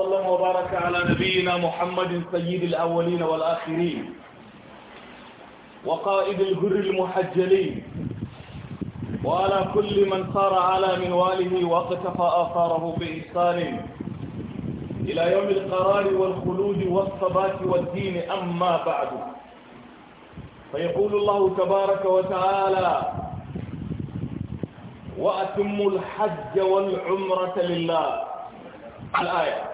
وسلم وبارك على نبينا محمد سيد الأولين والآخرين وقائد الهر المحجلين وعلى كل من صار على منواله واقتفى آثاره بإحسان إلى يوم القرار والخلود والصبات والدين أما بعد فيقول الله تبارك وتعالى وأتم الحج والعمرة لله الآية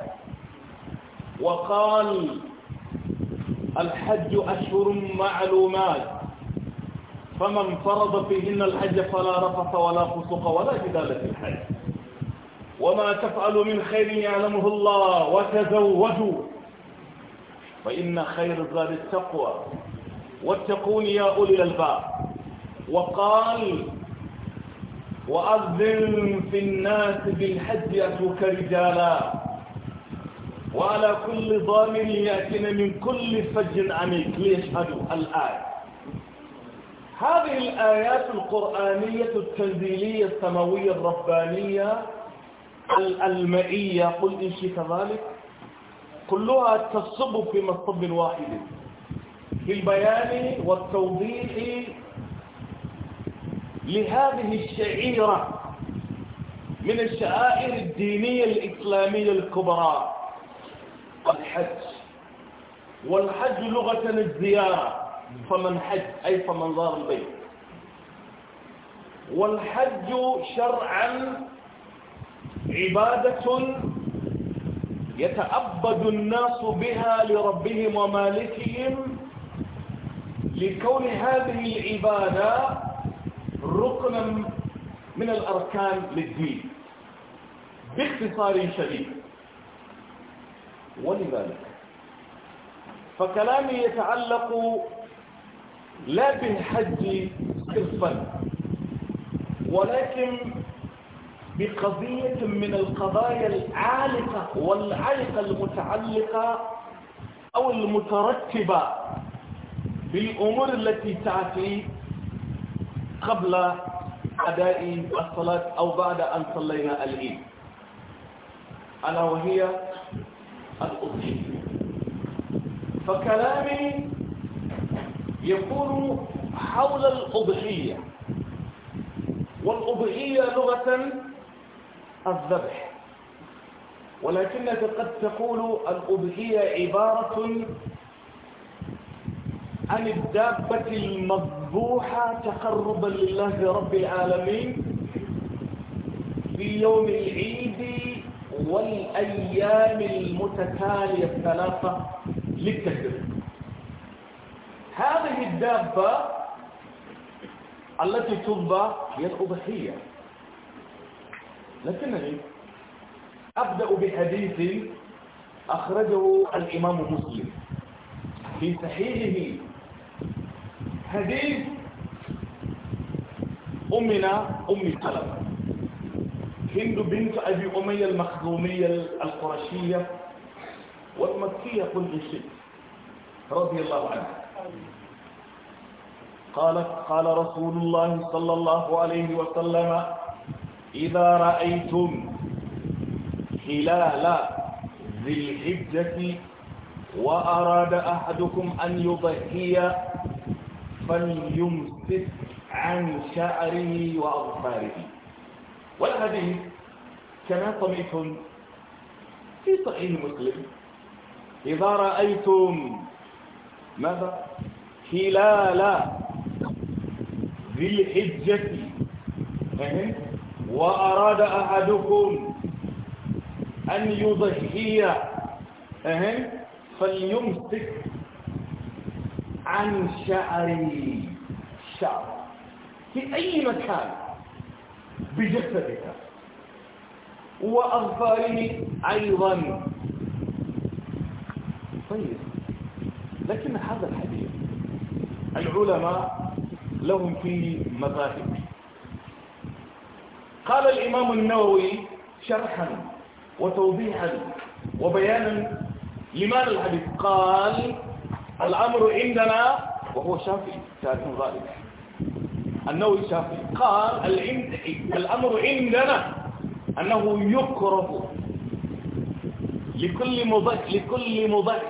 وقال الحج أشهر معلومات فمن فرض فيهن الحج فلا رفث ولا فسق ولا جدال في الحج وما تفعل من خير يعلمه الله وتزوجوا فإن خير زاد التقوى واتقون يا أولي الألباب وقال وأذن في الناس بالحج أتوك رجالا وعلى كل ضامن يأتينا من كل فج عميق ليشهدوا الآية هذه الآيات القرآنية التنزيلية السماوية الربانية المائية قل إن شئت ذلك كلها تصب في مصب واحد بالبيان والتوضيح لهذه الشعيرة من الشعائر الدينية الإسلامية الكبرى الحج والحج لغة الزيارة فمن حج أي فمن زار البيت والحج شرعا عبادة يتأبد الناس بها لربهم ومالكهم لكون هذه العبادة ركنا من الأركان للدين باختصار شديد ولذلك فكلامي يتعلق لا بالحج صرفا ولكن بقضية من القضايا العالقة والعالقة المتعلقة أو المترتبة بالأمور التي تأتي قبل أداء الصلاة أو بعد أن صلينا العيد ألا وهي القدسي فكلامي يكون حول الأضحية والأضحية لغة الذبح ولكنك قد تقول الأضحية عبارة عن الدابة المذبوحة تقربا لله رب العالمين في يوم العيد والأيام المتتالية الثلاثة للتكبير هذه الدابة التي تذبح هي الأضحية لكنني أبدأ بحديث أخرجه الإمام مسلم في صحيحه حديث أمنا أم سلمة هند بنت أبي أمية المخزومية القرشية والمكية كل شيء رضي الله عنها قالت قال رسول الله صلى الله عليه وسلم إذا رأيتم خلال ذي الحجة وأراد أحدكم أن يضحي فليمسك عن شعره وأظفاره والحديث كما صميح في صحيح مسلم إذا رأيتم ماذا خلال ذي الحجة يعني وأراد أحدكم أن يضحي يعني فليمسك عن شعري شعر في أي مكان بجسدك وأظفاره أيضا طيب لكن هذا الحديث العلماء لهم فيه مذاهب قال الإمام النووي شرحا وتوضيحا وبيانا لماذا الحديث قال الأمر عندنا وهو شافعي تعرفون غالب النووي الشافعي قال الأمر عندنا أنه يكره لكل مضح لكل مضح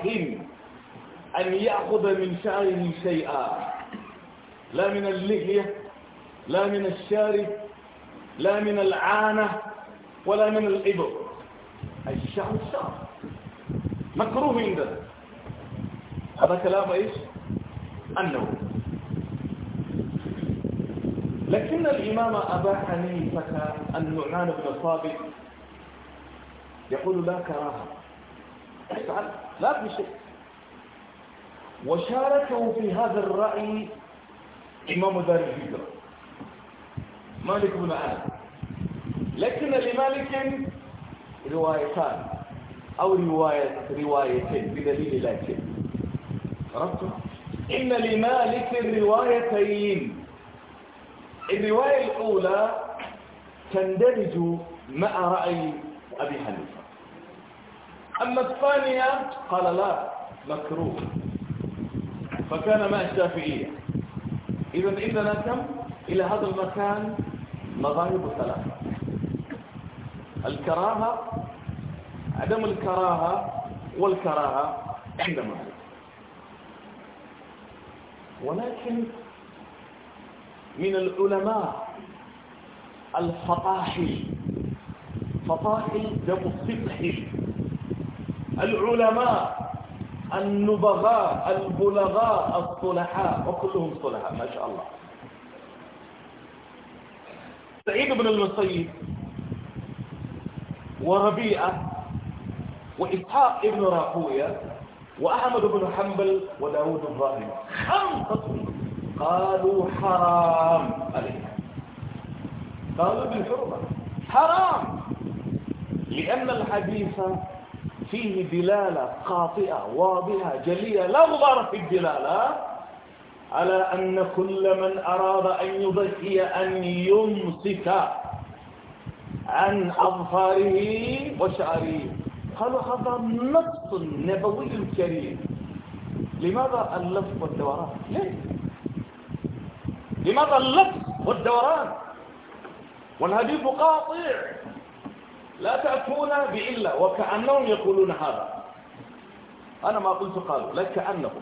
أن يأخذ من شعره شيئا لا من اللحية لا من الشارب لا من العانة ولا من الإبر الشعر الشعر مكروه عندنا هذا كلام إيش النووي لكن الإمام أبا حنيفة النعمان بن صابر يقول لا كراهة افعل لا في شيء وشاركه في هذا الرأي إمام دار الهجرة مالك بن أنس لكن لمالك روايتان أو رواية روايتين بدليل لكن عرفتم إن لمالك روايتين الرواية الأولى تندرج مع رأي أبي حنيفة أما الثانية قال لا مكروه فكان مع الشافعية إذا إذا كم إلى هذا المكان مذاهب ثلاثة الكراهة عدم الكراهة والكراهة عند مالك ولكن من العلماء الفطاحل فطاحل جمع فطحل العلماء النبغاء البلغاء الصلحاء وكلهم صلحاء ما شاء الله سعيد بن المصيب وربيعة وإسحاق بن راقوية وأحمد بن حنبل وداود الظاهر خمسة قالوا حرام عليها قالوا بالحرمة حرام لأن الحديث فيه دلالة قاطئة واضحة جلية لا غبار في الدلالة على أن كل من أراد أن يضحي أن يمسك عن أظفاره وشعره قال هذا نص نبوي كريم لماذا اللفظ والدوران ليه لماذا اللفظ والدوران والحديث قاطع لا تأتون بإلا وكأنهم يقولون هذا أنا ما قلت قالوا لا كأنهم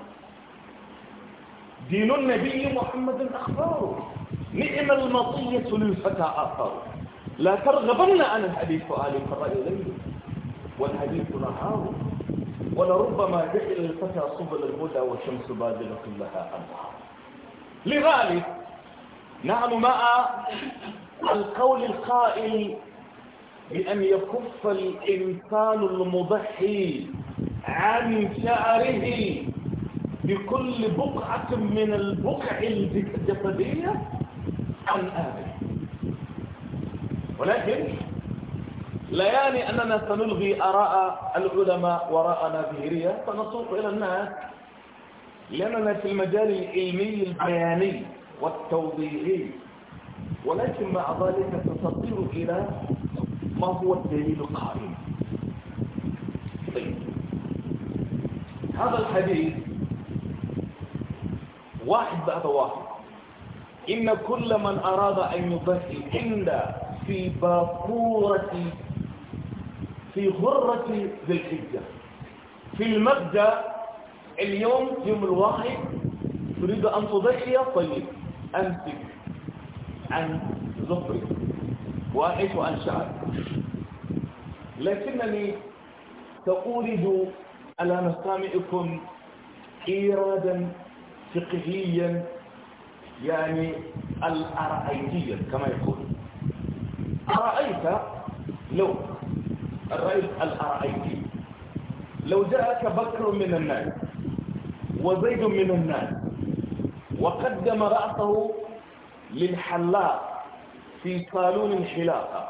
دين النبي محمد أخبار نعم المطية للفتى آخر لا ترغبن أن الحديث آل فرأي ليلي والحديث نهار ولربما جعل الفتى سبل الهدى والشمس بادلة لها أنهار لذلك نحن مع القول القائل بأن يكف الإنسان المضحي عن شعره بكل بقعة من البقع الجسدية عن آله ولكن لا يعني أننا سنلغي آراء العلماء وراءنا ظهيرية فنسوق إلى الناس لأننا في المجال العلمي البياني والتوضيعي ولكن مع ذلك تصدر إلى ما هو الدليل القائم طيب. هذا الحديث واحد بعد واحد إن كل من أراد أن يضحي عند في باكورة في غرة ذي الحجة في المبدأ اليوم يوم الواحد تريد أن تضحي طيب أمسك عن ظهري وأعيش عن شعري لكنني تقولد على مسامعكم إيرادا فقهيا يعني الأرأيتية كما يقول أرأيت لو الرئيس الأرأيتي لو جاءك بكر من الناس وزيد من الناس وقدم رأسه للحلاق في صالون حلاقة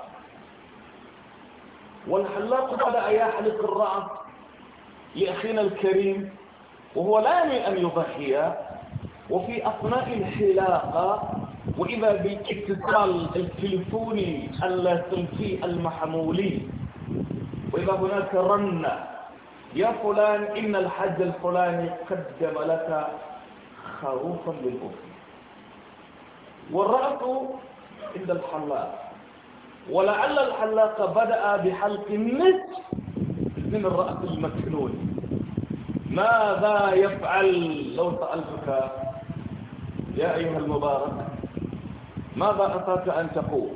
والحلاق بدأ يحلق الرأس لأخينا الكريم وهو لا ينوي أن يضحي وفي أثناء الحلاقة وإذا بالاتصال التلفوني اللاسلكي المحمولي وإذا هناك رنة يا فلان إن الحج الفلاني قدم لك خروفا للأم والرأس عند الحلاق ولعل الحلاق بدأ بحلق النصف من الرأس المكنون ماذا يفعل لو سألتك يا أيها المبارك ماذا أتاك أن تقول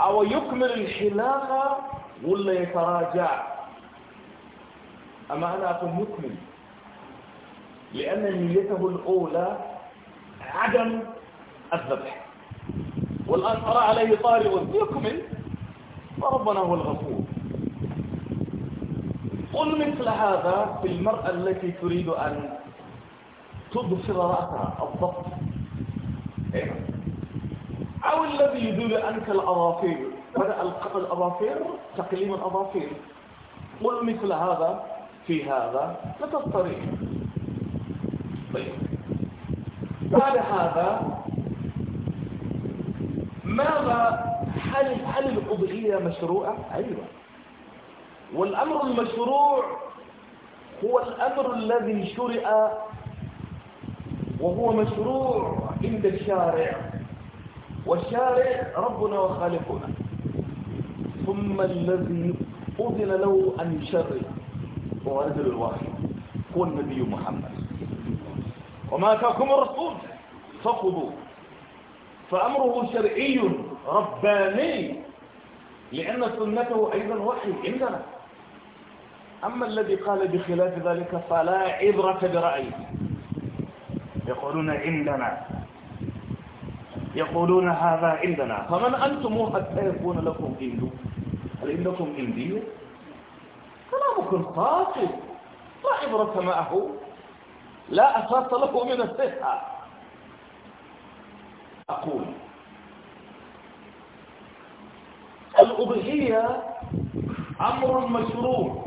أو يكمل الحلاقة ولا يتراجع أما أنا أكون مكمل لأن نيته الأولى عدم الذبح والآن أرى عليه طارئ يكمل وربنا هو الغفور قل مثل هذا في المرأة التي تريد أن تضفر رأسها الضبط إيه؟ أو الذي يدل أنك الأظافير بدأ القتل الأظافير تقليم الأظافير قل مثل هذا في هذا لا تضطرين طيب بعد هذا ماذا هل هل الأضحية مشروعة؟ أيوة والأمر المشروع هو الأمر الذي شرع وهو مشروع عند الشارع والشارع ربنا وخالقنا ثم الذي أذن له أن يشرع هو رجل الواحد هو النبي محمد وما أتاكم الرسول فخذوا فأمره شرعي رباني لأن سنته أيضا وحي عندنا أما الذي قال بخلاف ذلك فلا عبرة برأيه يقولون عندنا يقولون هذا عندنا فمن أنتم حتى يكون لكم إندو هل إنكم انديه كلامكم خاطئ لا عبرة معه لا أساس له من الصحة أقول الأضحية أمر مشروع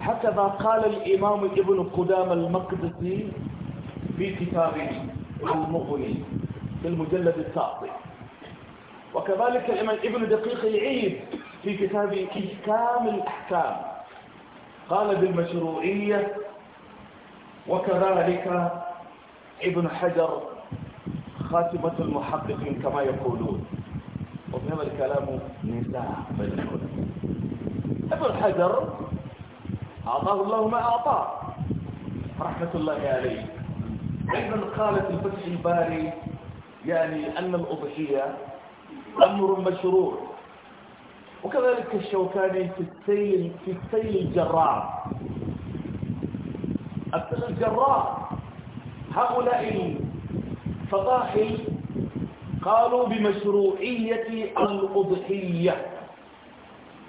هكذا قال الإمام ابن قدام المقدسي في كتابه المغني في المجلد التاسع وكذلك الإمام ابن دقيق يعيد في كتابه كامل الأحكام قال بالمشروعية وكذلك ابن حجر خاتمة المحققين كما يقولون وفي هذا الكلام نزاع بين العلماء ابن حجر أعطاه الله ما أعطاه رحمة الله عليه أيضا قالت الفتح الباري يعني أن الأضحية أمر مشروع وكذلك الشوكاني في السيل في السيل الجرار أبطال الجراح هؤلاء الفضاحل قالوا بمشروعية الأضحية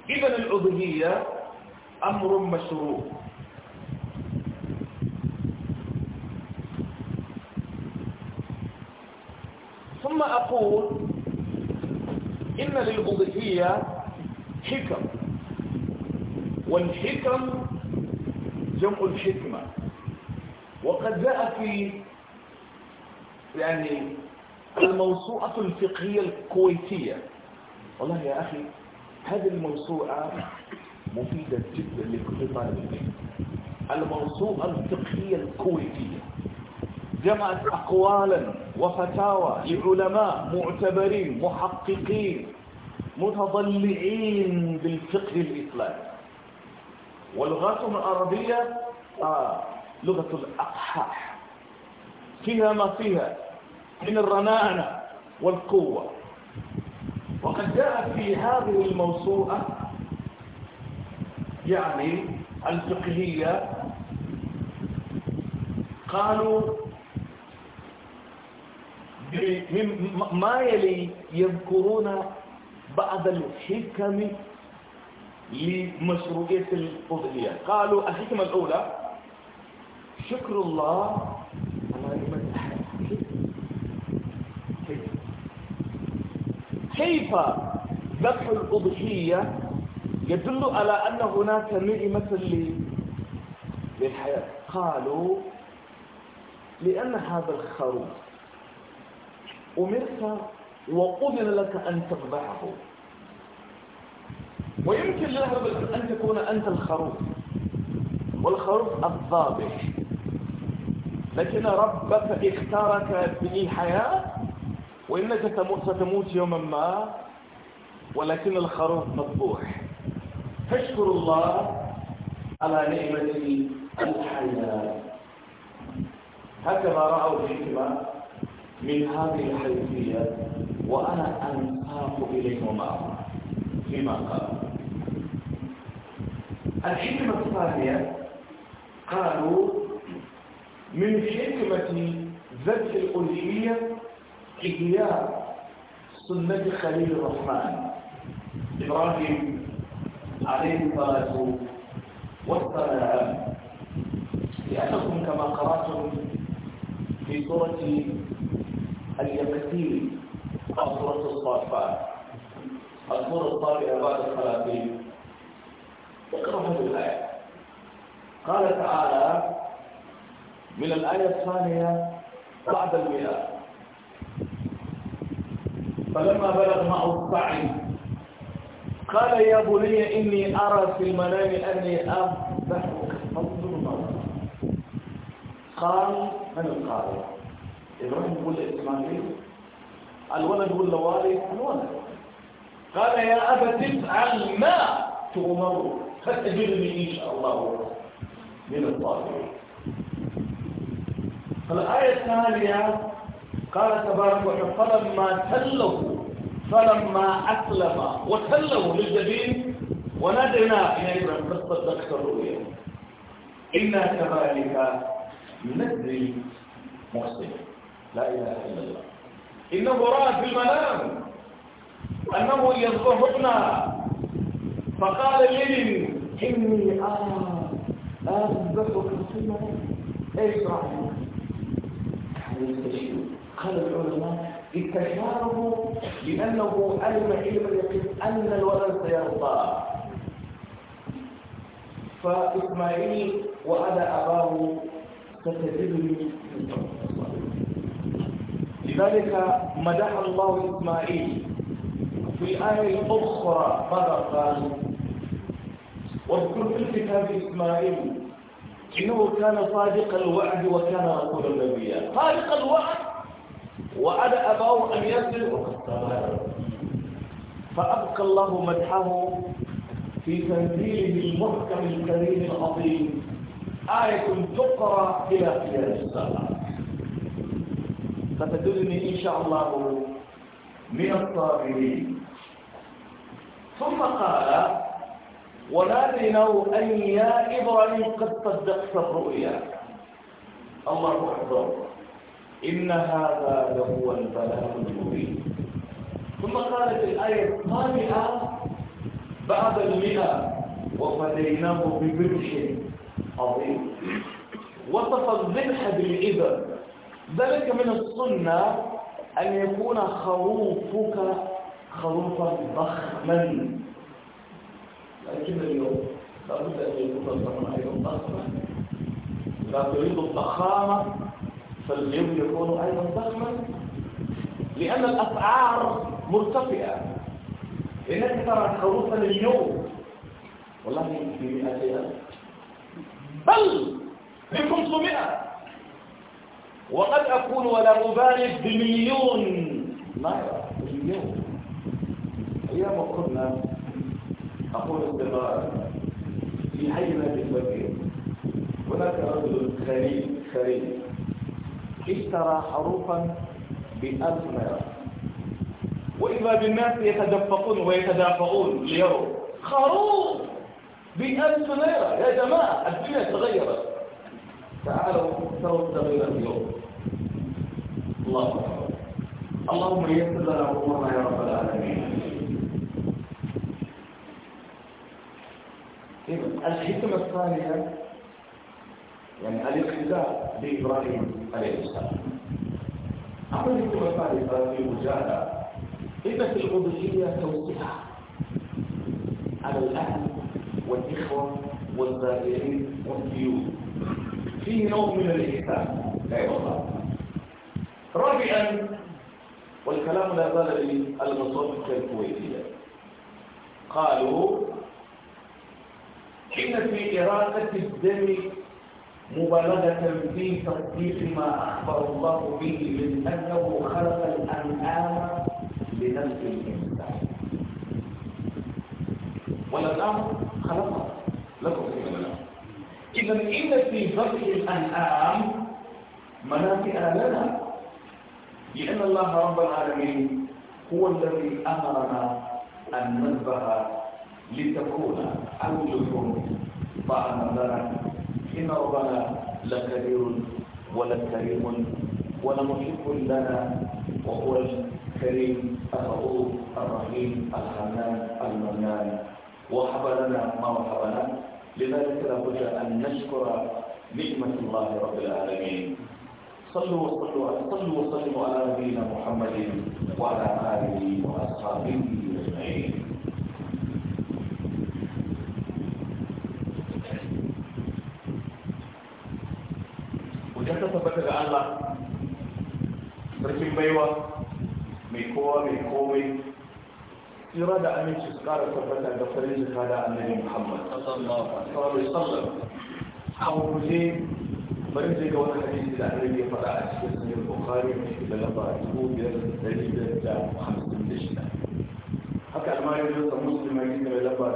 إذا الأضحية أمر مشروع ثم أقول إن للأضحية حكم والحكم جمع الحكمة وقد جاء في يعني الموسوعة الفقهية الكويتية والله يا أخي هذه الموسوعة مفيدة جدا لكل طالب العلم الموسوعة الفقهية الكويتية جمعت أقوالا وفتاوى لعلماء معتبرين محققين متضلعين بالفقه الإسلامي ولغاتهم العربية آه لغة الأقحاح فيها ما فيها من الرنانة والقوة وقد جاء في هذه الموسوعة يعني الفقهية قالوا ما يلي يذكرون بعض الحكم لمشروعية الفضلية قالوا الحكمة الأولى شكر الله على نعمة الحياة كيف ذبح الأضحية يدل على أن هناك نعمة للحياة قالوا لأن هذا الخروف أمرت وقدر لك أن تذبحه ويمكن لها أن تكون أنت الخروف والخروف الضابح لكن ربك اختارك للحياة وإنك ستموت يوما ما ولكن الخروف مطبوح فاشكر الله على نعمة الحياة هكذا رأوا الحكمة من هذه الحيثية وأنا أنساق إليهما فيما قال الحكمة الثانية قالوا من حكمة ذات الألوهية إجياء سنة خليل الرحمن إبراهيم عليه الصلاة والسلام لأنكم كما قرأتم في سورة اليقتين أو سورة الصافات السورة الطابعة بعد الثلاثين اقرأوا هذه الآية قال تعالى من الآية الثانية بعد المئة فلما بلغ معه السعي قال يا بني إني أرى في المنام أني أذبحك فانظر ماذا قال من القارئ إبراهيم يقول لإسماعيل الولد يقول لوالد الولد قال يا أبا تفعل ما تؤمر فتجرني إن شاء الله من الطاغين فالآية الثانية قال تبارك وتعالى فلما تلوا فلما أسلم وتلوا للجبين ونادينا يا إبراهيم قصة ذكر الرؤيا إنا كذلك نجزي محسن لا إله إلا الله إنه رأى في المنام أنه يذبحنا فقال لي إني أرى آه أذبحك في المنام إيش رأيك قال العلماء اتشاره لأنه علم علم اليقين أن الولد سيرضى فإسماعيل وأنا أباه ستجدني لذلك مدح الله إسماعيل في آية أخرى ماذا قال واذكر في كتاب إسماعيل إنه كان صادق الوعد وكان رسول النبي صادق الوعد وعد أباه أن يصل فأبقى الله مدحه في تنزيله المحكم الكريم العظيم آية تقرأ إلى قيام الساعة فتدلني إن شاء الله من الصابرين ثم قال وناديناه أن يا إبراهيم قد صدقت الرؤيا الله أكبر إن هذا لهو البلاء المبين ثم قالت الآية الطامئة بعد المئة وفديناه ببرش عظيم وصف الذبح بالإبر ذلك من السنة أن يكون خروفك خروفا ضخما لكن اليوم لابد أن يكون الزمن أيضا ضخما إذا تريد الضخامة فاليوم يكون أيضا ضخما لأن الأسعار مرتفئة إنك ترى خروفا اليوم والله في 200 بل في 500 وقد أكون ولا أبالغ بمليون ما مليون أيام كنا أقول استقرار في حي نادي الوكيل هناك رجل خليل خليل اشترى حروفا بألف ليرة وإذا بالناس يتدفقون ويتدافعون ليروا خروف بألف ليرة يا جماعة الدنيا تغيرت تعالوا تروا التغيير اليوم الله أكبر اللهم يسر لنا أمورنا يا رب العالمين الحكمة الثانية يعني الاقتداء بإبراهيم عليه السلام أما الحكمة الثالثة في مجالة قيمة العبودية توسعها على الأهل والإخوة والزائرين والديون فيه نوع من الإحسان لا والله رابعا والكلام لا زال للمصادر الكويتية قالوا إن في إرادة الدم مبالغة في تصديق ما أخبر الله به من أنه خلق الأنعام لنفس الإنسان والأنعام خلقها لكم إذا إن في ذبح الأنعام منافع لنا لأن الله رب العالمين هو الذي أمرنا أن نذبح لتكون أولكم طعم لنا إن ربنا لكبير ولا كريم ولا محب لنا وهو الكريم الرؤوف الرحيم الحنان المنان وهب لنا ما وهب لنا لذلك لابد أن نشكر نعمة الله رب العالمين صلوا وصلوا صلوا وسلموا على نبينا محمد وعلى آله وأصحابه أجمعين ga Allah sarkin baiwa mai kowa mai komai tsira da aminci su kara tabbata ga farin jika da annabi Muhammad sallallahu alaihi wasallam a wuce bari je ga wani hadisi da annabi ya faɗa a cikin sahih Bukhari da lamba 2556 haka almari da muslim ne da lamba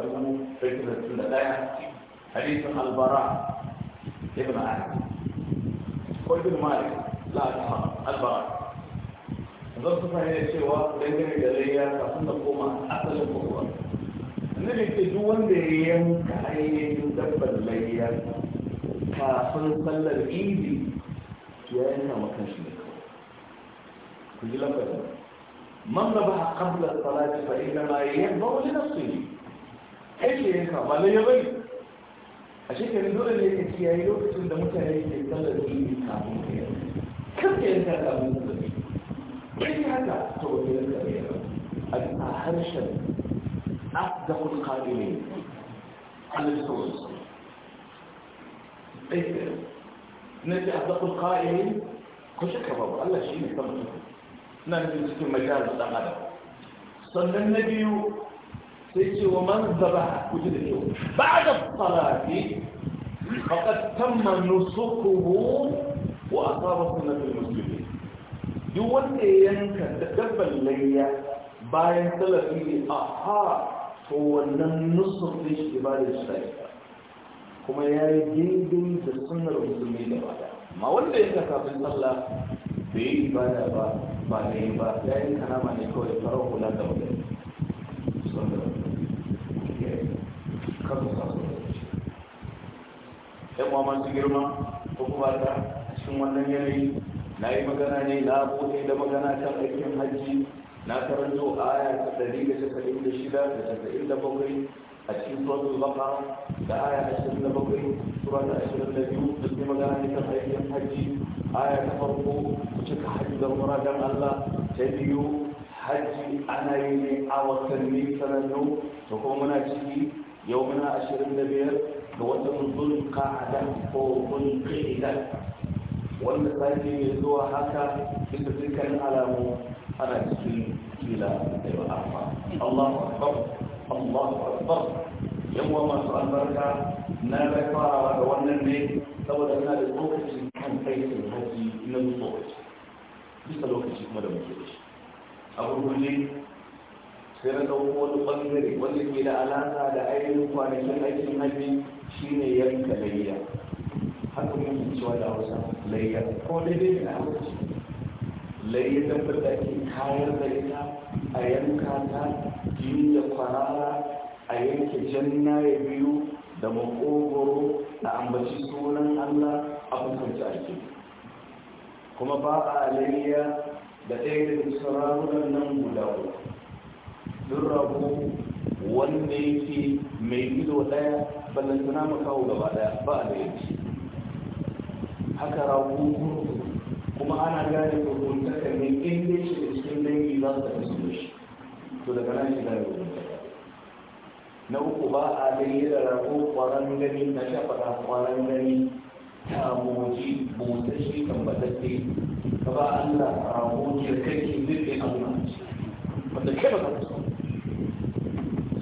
2561 hadisin albara ibn Abi وابن مالك لا أتهم البراء zan su fahimta cewa dangane da layya kafin da koma asalin kowa annabi ce duk wanda ya yanka ainihin dabbar layya kafin sallar idi ya yanka makan shi ne ku ji lafazin man da ba a kabla salati fa inda ma ya yanka wani nasu ne kai ke yanka ba layya bai عشان كده دول اللي كتير يلو في الدم تاني في الدم اللي في الدم كم كان هذا من الدم كم هذا هو من الدم أن أحرش أقدم القادمين على الصوص إيه نجي أقدم القائمين كل شكل بابا الله شيء مثمن نعم في مجال الدم هذا صلى النبي sai ce wa man zaba da kyau ba da salati faqad tamma nusukuhu wa asaba sunnatul muslimin duk wanda ya yanka da dabban layya bayan salafi ne aha to wannan nusuk shi ba da shi kuma ya yi daidai da sunnar musulmi da bada Ma wanda ya kafin sallah bai yi ibada ba ba ne ba ya yi kanama ne kawai farar hula da wadanda kasu kasu yan uwa su girma ko kuma ta cikin wannan yanayi na yi magana ne na bude da magana ta aikin hajji na karanto aya ta ɗari da casa'in da shida da casa'in da bakwai a cikin suratul baqara da aya ashirin da bakwai sura ta ashirin da biyu da kuma magana ne ta aikin hajji aya ta farko cika hajji da muradan Allah ta biyu hajji ana yi ne a watanni sanannu to kuma muna ciki yau muna ashirin da biyar da watan zulka adam ko mun zulqa'ida wanda sake ne zuwa haka bisa dukkan alamu ana cikin fila da yau amma Allahu akbar Allahu akbar yan wa masu albarka na rai farawa da wannan ne saboda ina da lokacin kan kai sun haji na lokaci bisa lokaci kuma da muke da shi a gurgurje sai na ɗauko wani ɓangare wanda ke da alaƙa da ainihin kwanakin aikin hajji ne yanka layya haka muke cewa da hausa layya ko daidai da hausa layya dabbar da ake kayar da ita a yanka ta yi da kwarara a yanke janna ya biyu da makogoro da ambaci sunan allah a hukunta ake kuma ba a layya da ɗaya da sararunan nan guda uku sun rabu wanda yake mai ido daya ballantana kawo gaba daya ba da yake haka rabu kuma ana gane hukuntakar ne in dai shi da cikin dangi za su tafi su shi to daga nan shi gane hukuntakar na uku ba a gani da rabu kwaran gani na shafaɗa kwaran gani ta moji busashi kan batacce ka ba Allah rabu kirkaki zirgin Allah wanda kai ba ka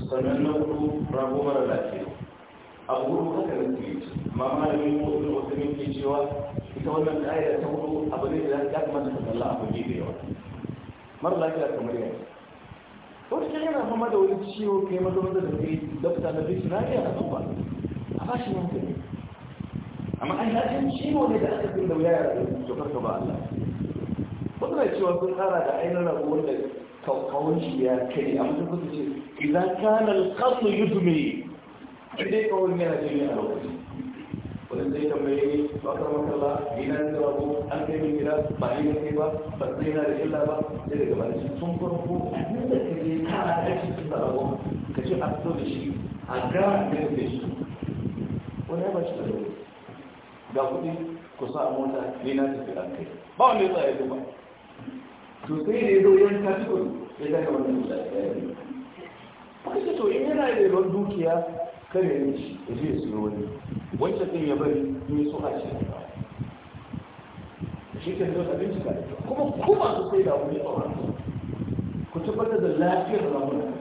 sannan na hudu rago mara lafiya abu hudu haka na kuyi amma malamin ko ibn usaimin ke cewa ita wannan ƙa'ida ta hudu abu ne da ya kamata ka kalla abu ne da yawa mara lafiya kamar yau wata kan yana fama da wani ciwo kai maza maza da kai dokta na bisu na iya rasu ba a ba shi hankali amma an yajin ciwo ne da aka fin da wuya ya rasu to karka ba Allah wasu na cewa sun tsara da ainihin rabuwar da kawon shi ya kai amma ta kusa ce idan kanar kasu yudume dai kawon yana jini a lokaci wani zai tambaye ba ka makala ina da rabu an kai min gida ba yi kai ba ba zai na da illa ba sai daga ba shi tun farko a nan da ka je ka a kashi tun da rabu ka ce a fito da shi a ga da shi wani ya ba shi da rabu ga kuɗi ku sa a mota ni na tafi an kai ba wanda ya tsaya ba to sai da ya zo yan kasuwa ya daga wannan guda ɗaya ne wanda to in yana da yawan dukiya kare ya ci ya je su yi wani wancan din ya bari in so a ce shi ke zuwa abinci ka kuma kuma su sai da wani tsoron ku tabbatar da lafiyar ramunan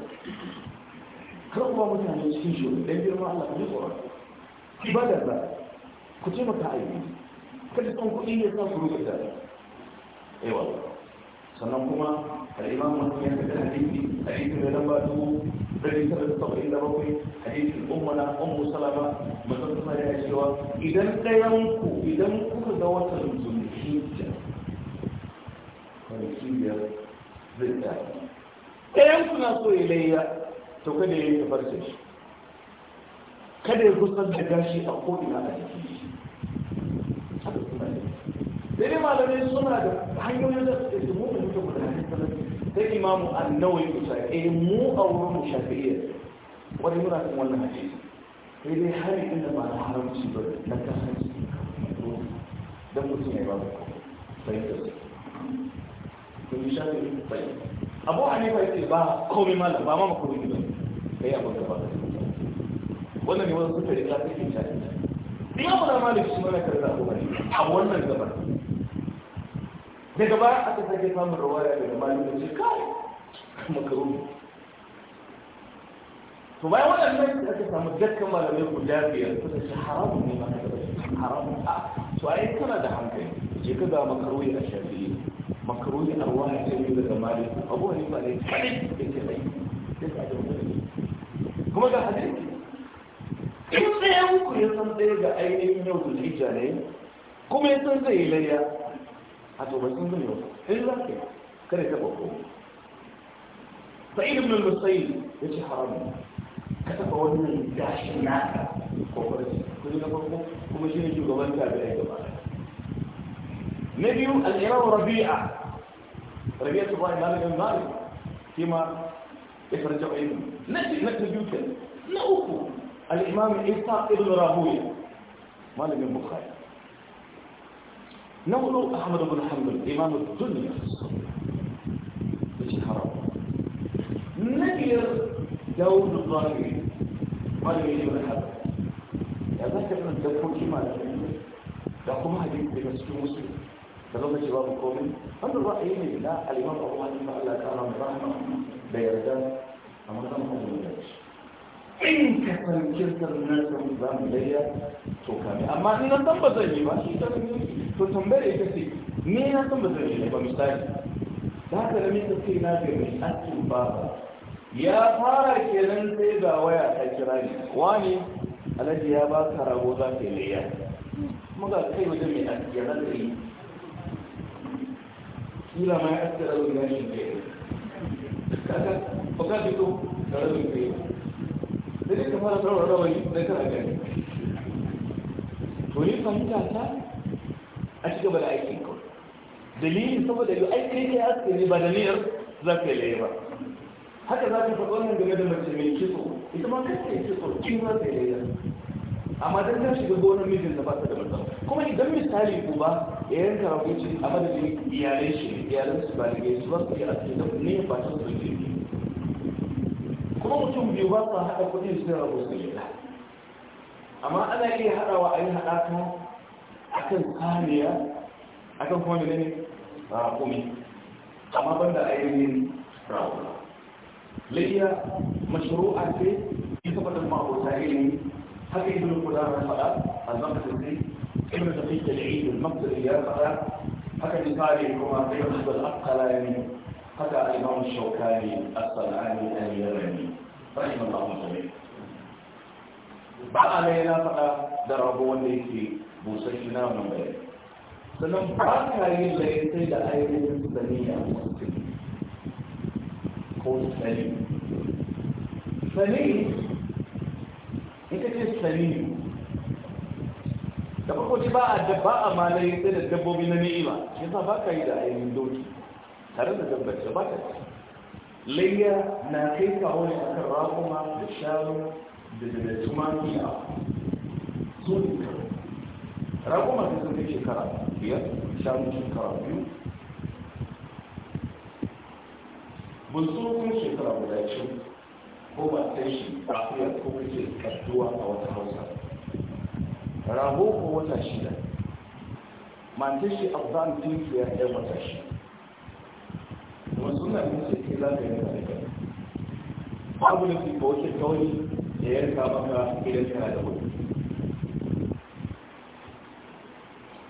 kar kuma mutane cikin shi ɗan girma Allah ku ji tsoron ibadar da ku taimaka a yi kada son kuɗi ne sa ku rubuta yawa sannan kuma al'imam mutum ya fita hadisi hadisi da lamba dubu ɗari tara da saba'in da bakwai hadisin umma na ummu salama mutum kuma da ya cewa idan ɗayan ku idan kuka ga watan zulhijja kwanaki biyar zai ta ɗayan ku na so ya layya to kada ya yi tafarce shi kada ya gusar da gashi a ko'ina a jiki sai dai malamai suna da hanyoyin da suke su mu mutu guda sai imamu annawai ku sa eh mu a wurin shafi'iyya wani muna kan wannan hadisi sai dai har inda ba na haramci ba na kasance dan mutum ya ba ku sai da su kun yi shafi sai abu hanifa yake ba komai malam ba ma makoni ba kai abu da ba wannan ne wani suka rika cikin shafi Ina muna malik su mana karza ko bane a wannan gabar daga ba aka sake samun rawaya daga malamin ce kai makaru to bayan waɗannan da aka samu dukkan malamai guda biyar da shi haramun ne ma haramun a to ai kana da hankali je ka ga makaruyi a shafi makaruyi a ruwa ya ce daga malik abu wani ba ne kadai da ke bai kuma ga hadisi in ɗaya uku ya san ɗaya ga ainihin yau zulhijja ne kuma ya san zai yi layya هتبقى تنزل لك حلو كده كده تبقى سعيد بن المصيب يجي حرام كتب وانا يدعش معك كوكرس كل ده برضه كما شيء تابعي جوان نبي الإمام ربيعة ربيعة الله مالك بن مالك فيما يخرج علم نجد نجد نجد الإمام إسحاق ابن راهوية مالك بن بخاري نقول أحمد بن حنبل إمام الدنيا في حرام نقير داود الظالمين قال لي من هذا أذكر أن تكون كما لكم هذه بمسجد مسلم فلما جواب القومي هذا الرأي لا الإمام أبو حنيفة الله تعالى من رحمة بيردان أما تنقل من ذلك in ka fahimci الناس من zan layar to أما amma ni nan dan ba zan to tambayar ita ce ni na san ba zai ba misali da ka da mita ce na ga mai asin ba ya fara kenan sai ga waya ta kira ni wani alhaji ya ba ka rago za ka yi layya kuma ga kai wajen mai asin ya zan yi kila ma ya da rabin gashin ne Kaka ba ka fito da rabin kai sai ka fara da rabin sai ka gani to ni fahimta ta a ci gaba da aikin kawai dalilin saboda yau aiki ne ya ne ba da niyyar za ka yi ba haka za ka faɗa nan game da mace mai kitso ita ma kai kai kitso kin za ka yi amma dan ta shiga gonar mijin da ba ta da matsala kuma idan misali uba ya yanka rahoci a madadin iyalai shi iyalan su ba da su ba su yi a cikin da ne ba ta su ne kuma mutum biyu ba sa haɗa kuɗin su rabu su yi amma ana iya haɗawa a yi haɗaka akan saniya akan kuma da ne raƙumi amma banda ainihin raƙumi layya mashru'a ce ita ba ta ma'abota ilimi haka da qudama fada al-maqdisi da taqiy al yi da maqdisi ya fada haka misali kuma sai da al ne haka imam shawkani as-sanani al-yarani rahimahullah ta'ala ba alaina fada da rabo wanda yake busashi namun bai sannan ba ka yin laye sai da ainihin saniya ko tsani? Tsani? ita ce sani da farko ba a dabba a malaye sai da dabbobi na ni'ima shi sa ba ka yi da ainihin doki tare da dabbace ba ka layya na kai kawo a akan rakuma da shanu da da tumaki a su ne raguma sai sun kai shekara biyar shanu shekara biyu bulsukun shekara guda ce ko ba sai shi akuya ko kake kadduwa a wata hausa rago ko wata shida mantar shi afghan tinkiya ɗan wata shi wasu na yin sai kai za ka yi da kai babu nufi ko wata kawai da yanka maka idan kana da wani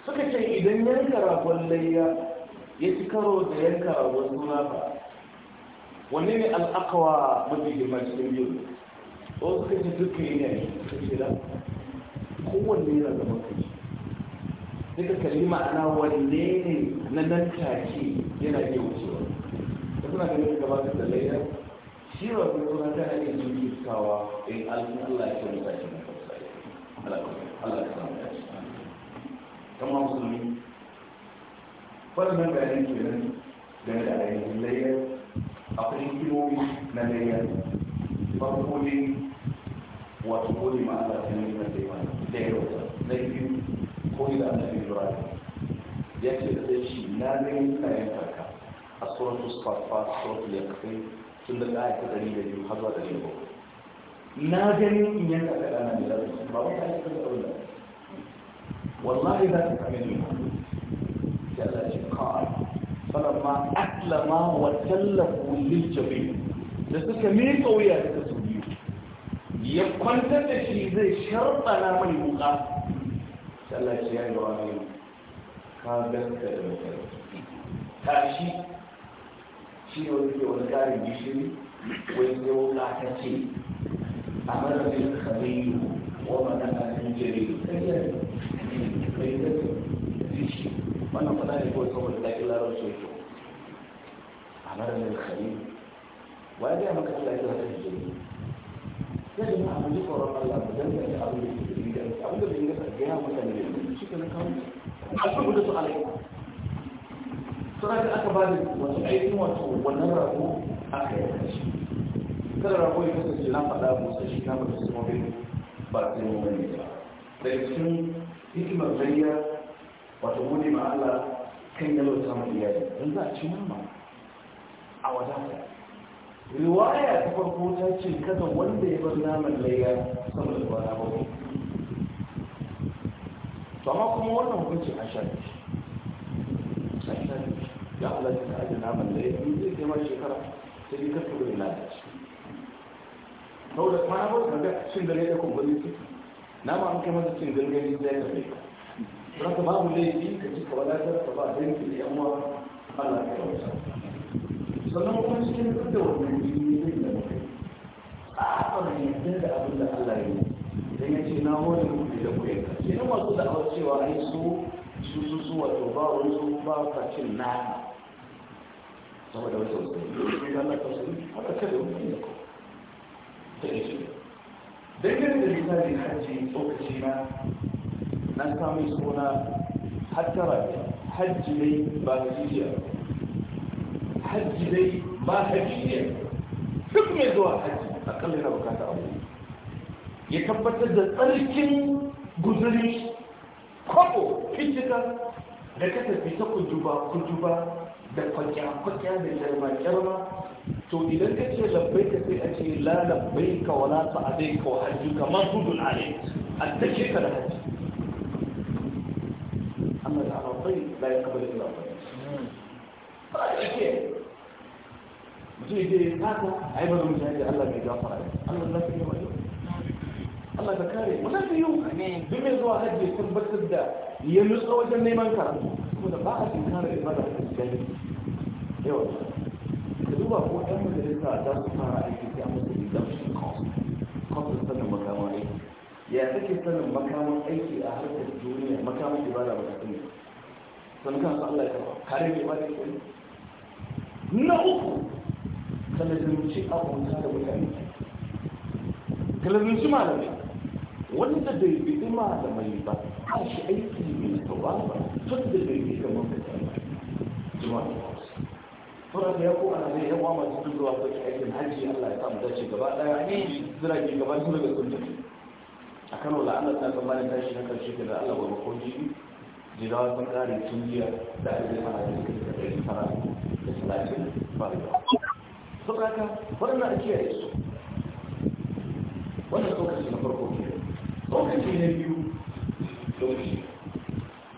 suka ce idan yanka ragon layya ya ci karo da yanka ragon suna ba wanne ne al'akawa mafi girma cikin biyu ko suka ce duka ne suka ce da kowanne yana da mafi duka kalli ma'ana wanne ne na nan take yana iya wucewa da suna ganin gabata da layya shi ba ku kuma ta hanyar jirgin kawa in allah ya ce mutane na kawai Allah ya samu dace kama musulmi wannan bayanin kenan game da ainihin layar akwai kilomi na layar farko wato gode ma Allah ta yi na sai da ya rauta na biyu ko da annabi Ibrahim ya ce da zai shi na gani ina yin farka a suratul safat suratul yasin tun da ayat ta 102 har zuwa 107 na gani in yanka kada na da ba wai yi ta da. والله لا تؤمنون جل قال فلما أسلم وسلموا للجبين لذلك كمين قوية تسويه يبقى تتشي تشيء زي شرط أنا من يبقى جل يا إبراهيم هذا الكلام تاشي شيء وزي وزكاري بيشري وزي وزكاري أمر بالخبير ومن أمر بالجليل kai da shi wannan fada ne kawai saboda da ila ran so yake amara min wa ya maka Allah ya zaka da jini ya da mu ji tsoron Allah mu dan da abu da yake da abu da yake da gaya maka ne shi kana kawo abu da su alai sura da aka bada wasu aikin wato wannan rago aka yi shi kada rago ya kasance na faɗa musa shi na faɗa su mabin ba sai mu bane ba hikimar zariya wata gudi ma Allah kan yalwar samun iyali don za a ci mamma a wata ta riwaya ta farko ta ce kada wanda ya bar naman laiya saboda ba kwana bakwai to amma kuma wannan hukunci a shafi a shafi ya Allah ta ajiye naman laiya in zai kai ma shekara sai dai karfi da lalace saboda kwana bakwai ga cin da laiya kuma wani ciki na an kai masa cin gangan zai ka don ka babu laifi ka ci ka wadatar ka ba danki da yamma uwa Allah ka sannan kuma cikin duk da wani yi da mutum a fahimtar da abin da Allah ya yi idan ya ce na wani kuɗi da kuɗi kenan masu yi cewa ai su su su su wato ba wani su ba ka cin na saboda wata wasu ne Allah ka wasu haka da wani ne ta ce dangane da littafin hajji tsokaci na na samun suna hattara hajji dai ba hajiya hajji dai ba hajiya duk mai zuwa hajji akalla yana bukata abu ya tabbatar da tsarkin guzuri kwabo fitika da ka tafi ta kujuba kujuba da kwakya-kwakya da jarma-jarma to idan ka ce labbai ka sai a ce la labbai ka wala ta adai ka wa hajji ka mahudun alai an take ka da hajji amma da alaƙai la ya kaba da labbai ba a cike mutum ya ce ya kasa a yi bazan mutane da Allah mai gafara ya Allah za ka yi wani Allah ka kare mu zai yi duk mai zuwa hajji tabbatar da ya nutsa wajen neman karatu kuma da ba a cikin kare ibada a cikin yawa zuba ko ɗan majalisa za su fara aiki ta musu exemption cost kwakwar sanin makaman aiki ya take sanin makaman aiki a harkar duniya makaman ibada ba ta sani sun kan su Allah ya karba kare ke ba da ke na uku kalazunci abota da mutane kalazunci malamai wanda bai da mai ba a shi aiki mai tsawa ba tun da bai bi ga mutane ba jima'a sauran da ya ko ana zai yawa masu tuzuwa ko ki aikin hajji Allah ya samu dace gaba daya zira ki gaba su daga sun tafi a Kano la Allah ta gaba da tashi na karshe ke da Allah gobe ko ji sun tun jiya da ake mana da suka da ɗari fara da talatin ba da saboda waɗanda a kiyaye su wannan tsokaci na farko ke tsokaci na biyu lokaci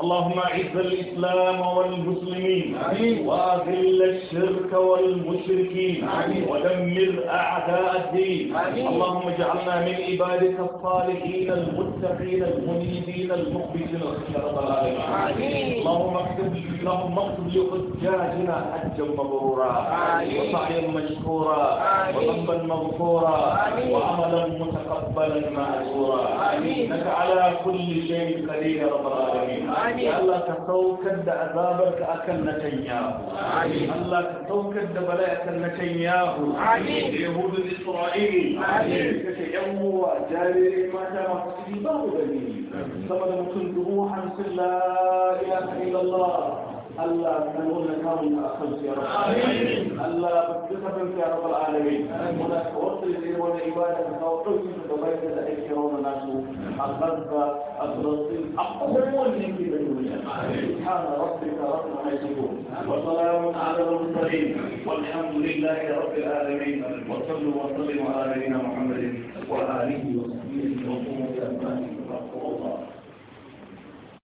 اللهم اعز الإسلام والمسلمين وأذل الشرك والمشركين ودمر أعداء الدين اللهم اجعلنا من عبادك الصالحين المتقين المنيبين المخبتين يا رب العالمين اللهم اكتب لهم اكتب لحجاجنا حجا مبرورا وسعيا مشكورا وذنبا مغفورا وعملا متقبلا ماجورا انك على كل شيء قدير يا رب العالمين Allah ka saukar da azabarka akan Netanyahu Allah ka saukar da bala akan Netanyahu da Yahudu da Isra'ili kace yan uwa jarire mata masu ciki babu dalili sama da mutum dubu hamsin la ilaha illallah Allah ka nuna kawun a kan siyar. Allah ka duka kan siyar wa alami. Muna ka wasu yi zai wani ibada ka kawo ɗauki su da bayan da ake yawon na su. Allah ka a tsarosin akwai wani yanki da duniya. Kana rafi ka rafi na haiti ko. Wasu alamun alamun sani. Wani hamdulillahi da rafi alami. Wasu alamun sani wa alami na Muhammadin. Wa alami wasu.